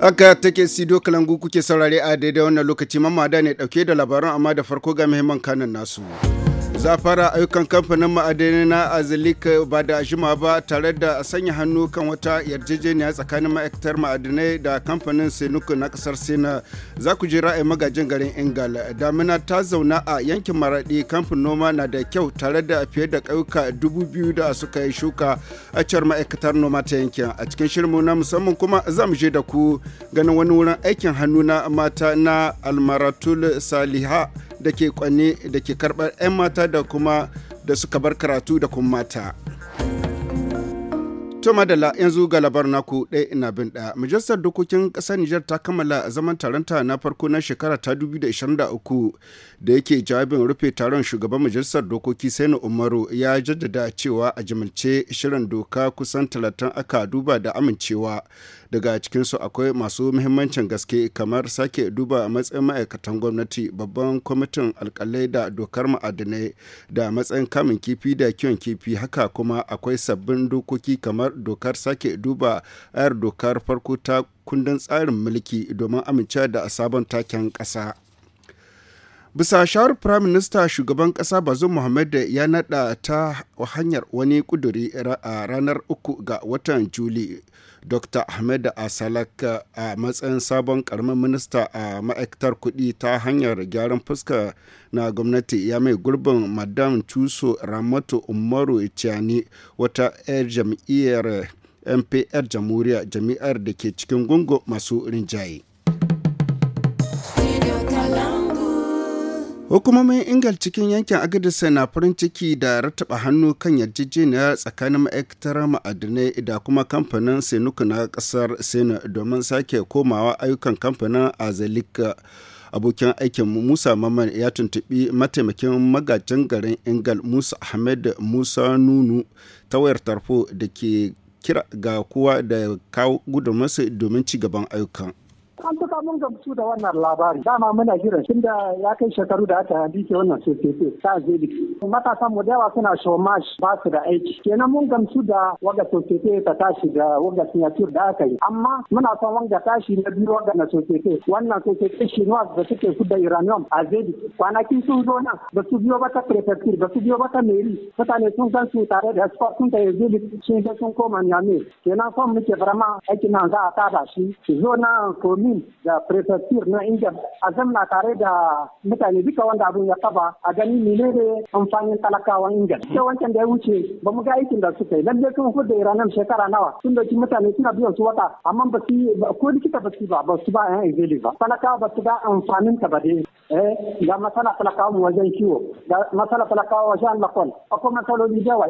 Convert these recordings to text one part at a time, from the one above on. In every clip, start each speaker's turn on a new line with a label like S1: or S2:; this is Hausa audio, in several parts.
S1: Aka take Sido Kalangu kuke saurare a daidai wannan lokaci mamada ne dauke da labaran amma da farko ga muhimman kanan nasu. za fara ayyukan kamfanin ma'adanai na azalik ba da jima ba tare da sanya hannu kan wata yarjejeniya tsakanin ma'aikatar ma'adanai da kamfanin sinuku na kasar sina za ku ji ra'ayin magajin garin ingal damina ta zauna a yankin maradi kamfanin noma na da kyau tare da fiye da ƙauyuka dubu biyu da suka yi shuka a cewar ma'aikatar noma ta yankin a cikin shirinmu na musamman kuma za mu je da ku ganin wani wurin aikin hannu na mata na almaratul saliha da ke kwanne da ke karbar 'yan mata da kuma da suka bar karatu da kuma mata. To madalla yanzu ga labar naku ɗaya ina bin ɗaya. Majalisar Dokokin Ƙasar Nijar ta kammala zaman taronta na farko na shekara ta 2023 da yake jawabin rufe taron shugaban Majalisar Dokoki Sani Umaru ya jaddada cewa a jimilce shirin doka kusan 30 aka duba da amincewa daga cikinsu akwai masu muhimmancin gaske kamar sake duba matsayin ma'aikatan gwamnati babban kwamitin alkalai da dokar ma'adinai da matsayin kamun kifi da kiwon kifi haka kuma akwai sabbin dokoki kamar dokar sake duba ayar dokar farko ta kundin tsarin mulki domin amincewa da sabon taken ƙasa. bisa shawar prime minister shugaban kasa bazum muhammad ya nada ta hanyar wani kuduri a ranar uku ga watan juli dr ahmed asalak a matsayin sabon karamin minista a ma'aikatar kuɗi ta hanyar gyaran fuska na gwamnati ya mai gurbin madam tuso ramatu umaru ciani wata 'yar jam'iyyar mpr jamhuriya jami'ar da ke cikin gungu masu rinjaye Hukumomin Ingal cikin yankin Agadisa na farin ciki da rataba hannu kan yarjejeniya tsakanin ma'aikatar ma'adinai da kuma kamfanin Senuku na kasar Sena domin sake komawa ayyukan kamfanin Azalika. Abokin aikin Musa Maman ya tuntubi mataimakin magajin garin Ingal Musa Ahmed Musa Nunu ta wayar tarfo da ke kira ga kowa da kawo gudunmasu domin ci gaban ayyukan.
S2: gaskiya mun gamsu da wannan labari dama muna jiran tun da ya kai shekaru da aka ke wannan sosai ta zeli matasan mu da yawa suna shomash ba su da aiki kenan mun gamsu da waga sosai ta tashi da waga signature da aka yi amma muna son wanga tashi na biyu waga na sosai wannan sosai shi da suke su da uranium a zeli kwanaki sun zo na? ba su biyo ba ta prefecture ba su biyo ba ta meri mutane sun san su tare da escort sun ta zeli sun sun koma nyame kenan son muke farama aikin nan za a tada shi zo na, komin da prefecture na Indiya a na tare da mutane duka wanda abun ya kaba a gani menene amfanin talakawan Indiya. Sai wancan da ya wuce ba mu ga aikin da suka yi lalle sun hudu Iranan shekara nawa sun dauki mutane suna biyan su wata amma ba su ko likita ba su ba ba su ba yan izini ba talakawa ba su ga amfanin ta ba dai. Eh, ga masala talakawa wajen kiwo, ga masala talakawa wajen lakon, akwai masaloli da wa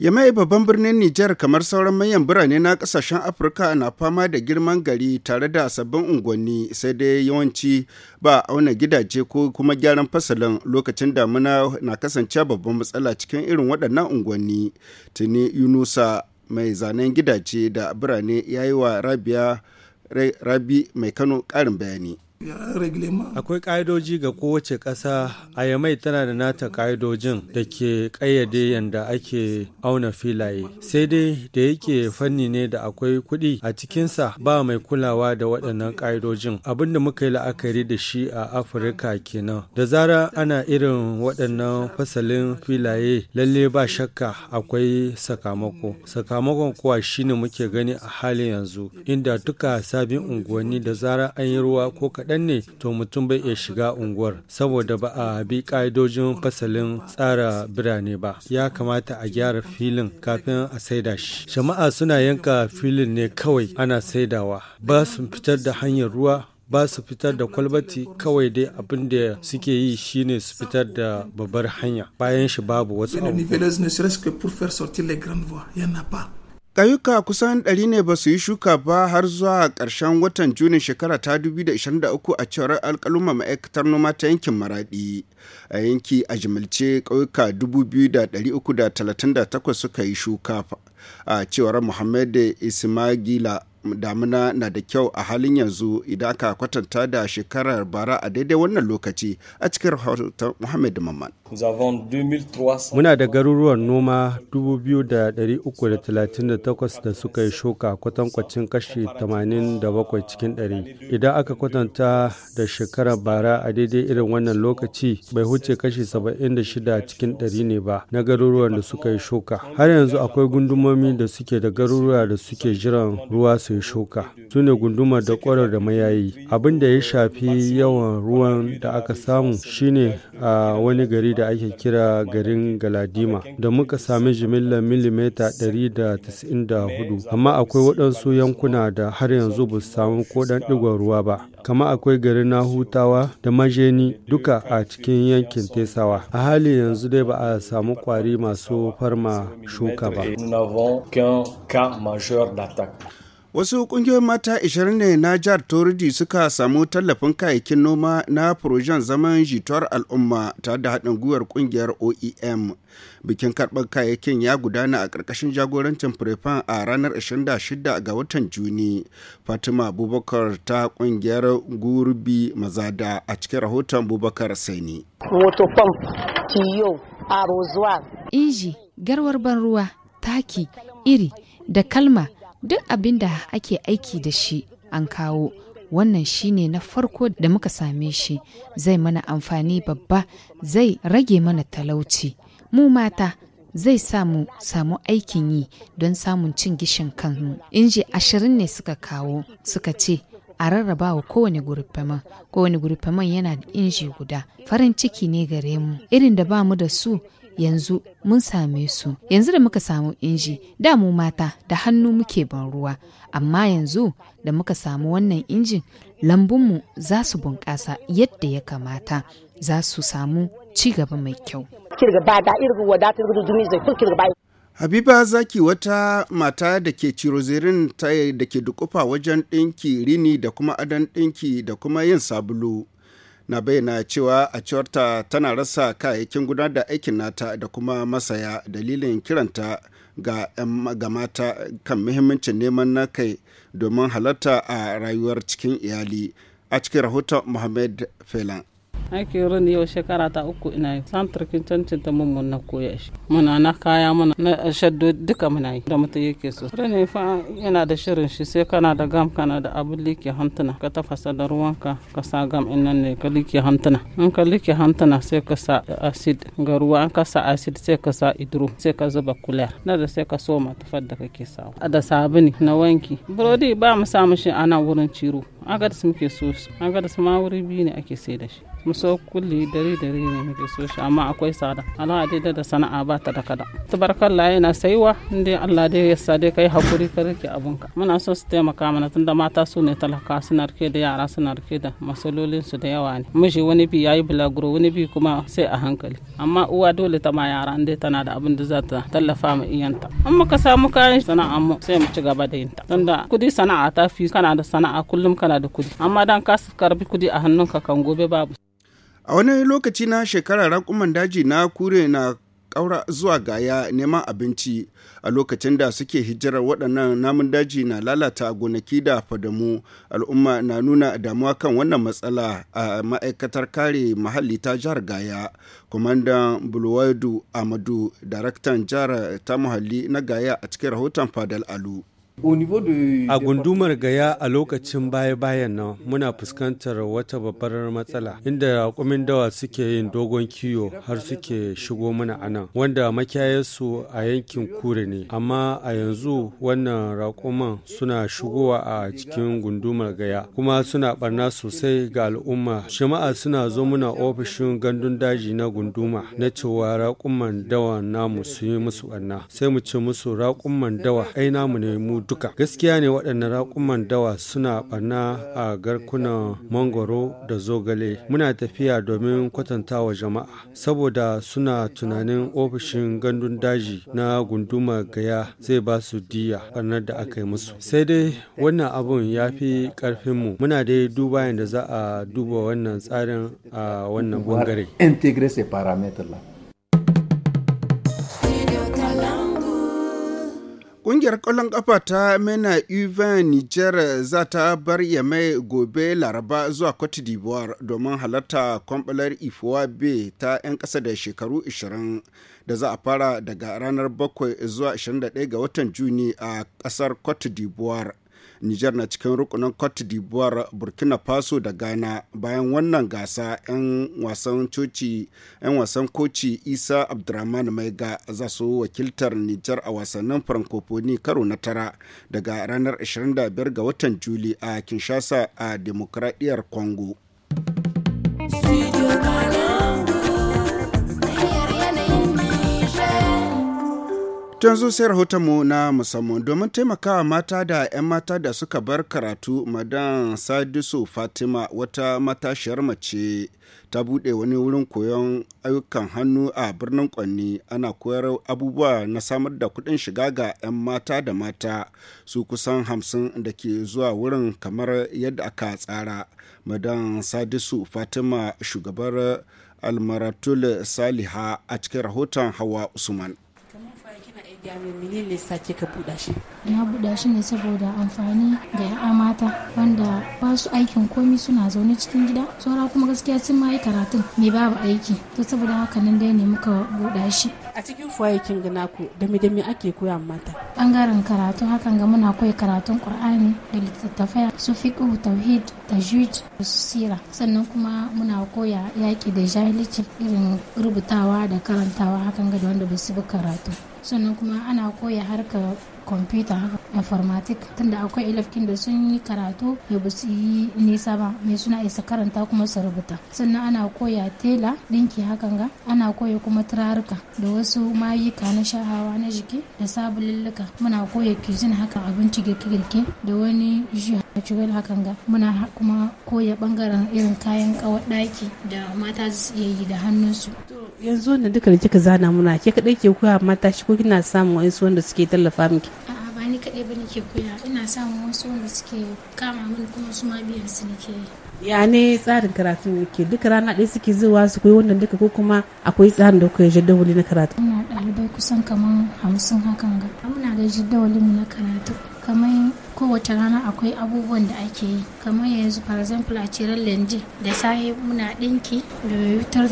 S1: Yamai babban birnin Nijar kamar sauran manyan birane na kasashen Afirka na fama da girman gari tare da sabbin unguwanni sai dai yawanci ba a auna gidaje ko kuma gyaran fasalin lokacin damuna na kasance babban matsala cikin irin waɗannan unguwanni. Tuni Yunusa mai zanen gidaje da birane ya yi wa Rabia Rabi mai Kano ƙarin bayani.
S3: Akwai ƙa'idoji ga kowace ƙasa a yamai tana da nata ƙa'idojin da ke ƙayyade yadda ake auna filaye. Sai dai da yake fanni ne da akwai kuɗi a cikinsa ba mai kulawa da waɗannan ƙa'idojin. Abin da muka yi la'akari da shi a Afirka kenan. Da zara ana irin waɗannan fasalin filaye lalle ba shakka akwai sakamako. Sakamakon kuwa shine muke gani a halin yanzu inda duka sabin unguwanni da zara an yi ruwa ko kaɗan kaɗan ne to mutum bai iya shiga unguwar saboda ba a bi ƙa'idojin fasalin tsara birane ba ya kamata a gyara filin kafin a saida shi jama'a suna yanka filin ne kawai ana saidawa ba su fitar da hanyar ruwa ba su fitar da kwalbati kawai dai abin da suke yi shine su fitar da babbar hanya bayan shi babu wasu abubuwa
S1: Ƙauyuka kusan ɗari ne ba su yi shuka ba har zuwa ƙarshen watan Junin shekara ta 2023 a cewar alƙaluma ma'aikatar noma ta yankin Maraɗi. A yanki a jimilce ƙauyuka 2,338 suka yi shuka a cewar muhammadu Ismagila damuna na da kyau a halin yanzu idan aka kwatanta da shekarar bara a daidai wannan lokaci a cikin rahoton Muhammad Mamman.
S3: Muna da garuruwan noma 2,338 da suka yi shuka kwatankwacin kashi 87 cikin 100. Idan aka kwatanta da shekarar bara a daidai irin wannan lokaci bai huce kashi 76 cikin 100 ne ba na garuruwan da suka yi shuka. Har yanzu akwai gundumomi da suke da garuruwa da suke jiran ruwa su shuka su ne gundumar da kwarar da mayayi abin da ya shafi yawan ruwan da aka samu shine a wani gari da ake kira garin galadima da muka sami jimillar milimeta 194 amma akwai waɗansu yankuna da har yanzu ba su samu ko ɗan ɗigon ruwa ba kama akwai garin nahutawa da majeni duka a cikin yankin tesawa a hali yanzu dai ba a samu kwari masu farma shuka ba
S1: Wasu ƙungiyoyin mata 20 ne na jihar Toridi suka samu tallafin kayayyakin noma na furojen zaman jituwar al'umma tare da haɗin gwiwar ƙungiyar OEM. Bikin karɓar kayayyakin ya gudana a ƙarƙashin jagorancin Firifan a ranar 26 ga watan Juni. Fatima Abubakar ta ƙungiyar Gurbi Mazada a cikin rahoton Abubakar Saini. Motofam,
S4: Inji, garwar ban ruwa, taki, iri da kalma duk abin da ake aiki da shi an kawo wannan shine na farko da muka same shi zai mana amfani babba zai rage mana talauci mu mata zai samu samu aikin yi don samun cin gishin kanmu inji ashirin ne suka kawo suka ce a rarraba wa kowane gurfaman kowane gurfaman yana da inji guda farin ciki ne gare mu irin da ba mu da su yanzu mun same su yanzu da muka samu inji da mu mata da hannu muke ban ruwa amma yanzu da muka samu wannan injin lambunmu za su bunƙasa yadda ya kamata za su samu cigaba mai kyau
S1: Habiba Zaki wata mata da ke cirozerin ta da ke dukufa wajen ɗinki rini da kuma adon ɗinki da kuma yin sabulu. na bayyana cewa a ciwarta tana rasa kayayyakin gudanar da aikin nata da kuma masaya dalilin kiranta ga, ga mata kan muhimmancin neman na kai domin halarta a rayuwar cikin iyali a cikin rahoton Mohamed Felan.
S2: aikin rin yau shekara ta uku ina yi santarkin cancin ta mun na koya shi muna na kaya muna na shaddo duka muna yi da mutum yake so rin fa yana da shirin shi sai kana da gam kana da abin liki hantuna ka tafasa da ruwanka ka sa gam in nan ne ka liki hantuna in ka liki hantuna sai ka sa acid ga ruwa an ka sa acid sai ka sa idro sai ka zuba kulayar. na da sai ka soma tufar da kake sawa da sabuni na wanki burodi ba mu samu shi ana wurin ciro su muke so su ma wuri biyu ne ake sai da shi muso kulli dari dari ne muke so shi amma akwai tsada ala daidai da sana'a ba ta da kada tabarkalla yana saiwa inda Allah dai ya sa dai kai hakuri ka rike abunka muna so su taimaka mana tunda mata su ne talaka suna rike da yara suna rike da masalolin su da yawa ne miji wani bi yayi bulaguro wani bi kuma sai a hankali amma uwa dole ta ma yara inda tana da abin da za ta tallafa ma iyanta in muka samu kayan sana'a mu sai mu ci gaba da yin ta tunda kudi sana'a ta fi kana da sana'a kullum kana da kudi amma dan ka karbi kudi a hannunka kan gobe babu
S1: A wani lokaci na shekara raƙuman daji na kure na ƙaura zuwa gaya neman abinci a lokacin da suke hijirar waɗannan namun daji na lalata gonaki da fadamu al'umma na nuna damuwa kan wannan matsala a ma'aikatar kare muhalli ta jihar gaya kwamandan bulwadu amadu daraktan jihar ta muhalli na gaya a cikin rahoton fadal alu. A
S3: gundumar gaya a lokacin baya-bayan nan muna fuskantar wata babbar matsala inda raƙumin dawa suke yin dogon kiyo har suke shigo mana a nan wanda makiyayensu a yankin kure ne amma a yanzu wannan raƙuman suna shigowa a cikin gundumar gaya kuma suna barna sosai ga al'umma jama'a suna zo muna ofishin gandun daji na gunduma na cewa raƙuman dawa namu su yi musu barna sai mu ce musu raƙuman dawa ai namu ne mu cututtuka gaskiya ne waɗannan raƙuman dawa suna ɓarna a garkunan mangoro da zogale muna tafiya domin kwatantawa jama'a saboda suna tunanin ofishin gandun daji na gunduma gaya zai ba su diya ɓarnar da aka yi musu sai dai wannan abun ya fi ƙarfinmu muna dai duba yadda za a duba wannan tsarin a wannan bangare.
S1: Ƙungiyar ƙwallon ƙafa ta Mena Uven Niger za ta bar Yamai gobe Laraba zuwa Cote d'Ivoire domin halarta kwamɓalar ifuwa Bay ta 'yan ƙasa da shekaru 20 da za a fara daga ranar 7 zuwa 21 ga watan Juni a ƙasar Cote d'Ivoire. Nijar na cikin rukunin Cote d'Ivoire, Burkina Faso da Ghana. Bayan wannan gasa 'yan wasan coci 'yan wasan koci Isa Abdurrahman Maiga za su wakiltar Nijar a wasannin Francophonie karo na tara daga ranar 25 ga watan Juli a Kinshasa a Demokradiyyar Congo. Tun sai mu na musamman domin taimakawa mata da 'yan mata da suka bar karatu madan Sadisu Fatima wata matashiyar mace ta bude wani wurin koyon ayyukan hannu a birnin Kwanni ana koyar abubuwa na samar da kuɗin shiga ga 'yan mata da mata su kusan hamsin da ke zuwa wurin kamar yadda aka tsara. Madan Sadisu Fatima shugabar Almaratul Saliha a cikin rahoton Hawa Usman.
S2: gaya buɗa shi na buɗa
S4: shi ne saboda amfani ga ya'a mata wanda ba su aikin komi suna zaune cikin gida saura kuma gaskiya sun ma yi karatun me babu aiki to saboda haka nan dai ne muka buɗa
S2: shi a cikin fuwayakin gina ku dami-dami ake koya mata
S4: bangaren karatu hakan ga muna koya karatun qur'ani da littattafai su fiqh tauhid tajwid da sira sannan kuma muna koya yaki da jahilci irin rubutawa da karantawa hakan ga da wanda ba su bi karatu sannan kuma ana koya harkar kwamfuta haka informatic tunda akwai ilafkin da sun yi karatu ya ba su yi nisa ba mai suna isa karanta kuma su rubuta sannan ana koya tela ɗinki hakan ga ana koya kuma turaruka da wasu mayuka na shahawa na jiki da sabululluka muna koya kizin haka abinci girke-girke da wani ji cikin hakan ga muna kuma koya bangaren irin kayan kawar daki da mata su iya yi da hannunsu.
S2: yanzu wanda duka da kika zana muna ke kadai ke koya mata shi ko kina samun wasu wanda suke tallafa miki
S4: a'a ba ni kadai bane ke koya ina samun wasu wanda suke kama min kuma su ma biyan su nake
S2: ya ne tsarin karatu ke duk rana ɗaya suke zuwa su koyi wannan duka ko kuma akwai tsarin da kuka yi jaddawali na karatu
S4: muna ɗalibai kusan kamar hamsin hakan ga muna da jaddawalin na karatu kamar kowace rana akwai abubuwan da ake yi kamar yanzu for example a ce ran da sahi muna dinki da wutar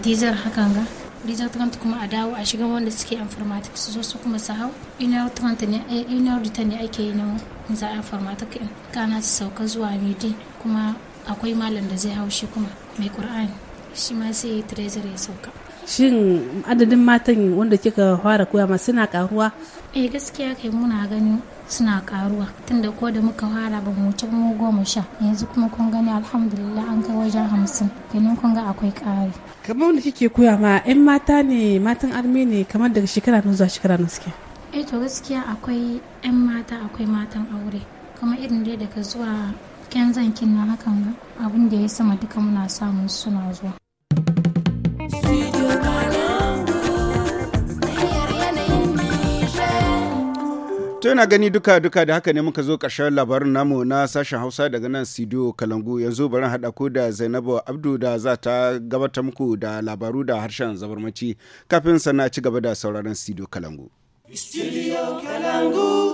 S4: dizar hakan ga dizar kuma a dawo a shiga wanda suke informatics su zo su kuma su hau inar trant ne eh, inar dita ne ake yi na za a informatics kana su sauka zuwa midi kuma akwai malam da zai hau shi kuma mai qur'ani shi ma sai tirezar ya sauka
S2: shin adadin matan wanda kika fara koya ma suna karuwa
S4: eh gaskiya kai muna gani suna karuwa tunda ko da muka fara ba mu wuce mu goma sha yanzu kuma kun gani alhamdulillah an kai wajen hamsin ganin kun ga akwai ƙari
S2: kamar wanda kike koya ma 'yan mata ne matan arme ne kamar daga shekara nan zuwa shekara nan suke
S4: eh to gaskiya akwai 'yan mata akwai matan aure kuma irin dai daga zuwa kyan zankin na hakan abin da ya sama duka muna samun suna zuwa
S1: To yana gani duka-duka da haka ne muka zo ƙarshen labarin namu na sashen Hausa daga nan Sidiyo Kalangu yanzu barin haɗa ku da Zainabu Abdu da za ta gabata muku da labaru da harshen zabarmaci kafin sannan ci gaba da sauraron Sidiyo Kalangu.
S4: Studio Kalangu.